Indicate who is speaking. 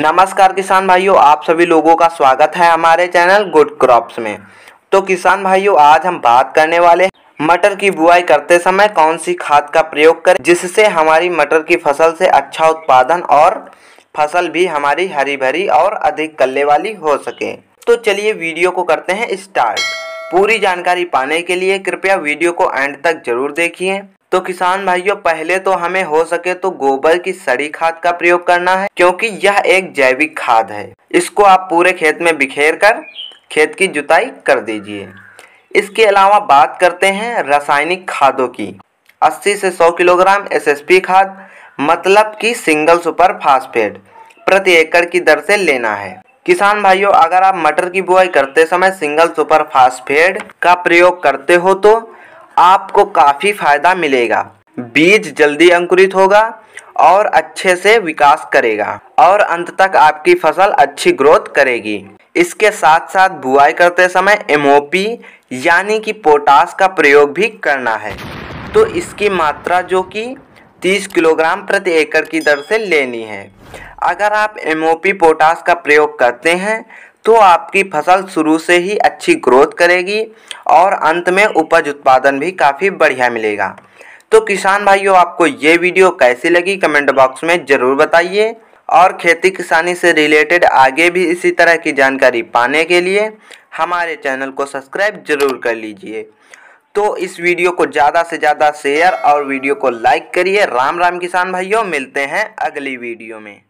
Speaker 1: नमस्कार किसान भाइयों आप सभी लोगों का स्वागत है हमारे चैनल गुड क्रॉप्स में तो किसान भाइयों आज हम बात करने वाले मटर की बुआई करते समय कौन सी खाद का प्रयोग करें जिससे हमारी मटर की फसल से अच्छा उत्पादन और फसल भी हमारी हरी भरी और अधिक कल्ले वाली हो सके तो चलिए वीडियो को करते हैं स्टार्ट पूरी जानकारी पाने के लिए कृपया वीडियो को एंड तक जरूर देखिए तो किसान भाइयों पहले तो हमें हो सके तो गोबर की सड़ी खाद का प्रयोग करना है क्योंकि यह एक जैविक खाद है इसको आप पूरे खेत में बिखेर कर खेत की जुताई कर दीजिए इसके अलावा बात करते हैं रासायनिक खादों की 80 से 100 किलोग्राम एसएसपी खाद मतलब कि सिंगल सुपर फास्फेट प्रति एकड़ की दर से लेना है किसान भाइयों अगर आप मटर की बुआई करते समय सिंगल सुपर फास्फेट का प्रयोग करते हो तो आपको काफ़ी फायदा मिलेगा बीज जल्दी अंकुरित होगा और अच्छे से विकास करेगा और अंत तक आपकी फसल अच्छी ग्रोथ करेगी इसके साथ साथ बुआई करते समय एम यानी कि पोटास का प्रयोग भी करना है तो इसकी मात्रा जो कि 30 किलोग्राम प्रति एकड़ की दर से लेनी है अगर आप एम पोटास का प्रयोग करते हैं तो आपकी फसल शुरू से ही अच्छी ग्रोथ करेगी और अंत में उपज उत्पादन भी काफ़ी बढ़िया मिलेगा तो किसान भाइयों आपको ये वीडियो कैसी लगी कमेंट बॉक्स में ज़रूर बताइए और खेती किसानी से रिलेटेड आगे भी इसी तरह की जानकारी पाने के लिए हमारे चैनल को सब्सक्राइब जरूर कर लीजिए तो इस वीडियो को ज़्यादा से ज़्यादा शेयर और वीडियो को लाइक करिए राम राम किसान भाइयों मिलते हैं अगली वीडियो में